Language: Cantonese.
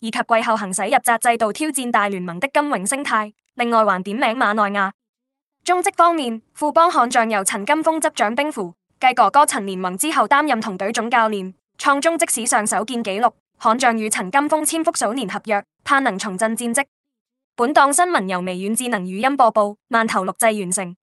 以及季後行使入札制度挑戰大聯盟的今永昇太，另外還點名馬內亞。中職方面，富邦悍將由陳金鋒執掌兵符，繼哥哥陳連盟之後擔任同隊總教練，創中職史上首見紀錄。悍將與陳金鋒簽複數年合約，盼能重振戰績。本檔新聞由微軟智能語音播報，慢頭錄製完成。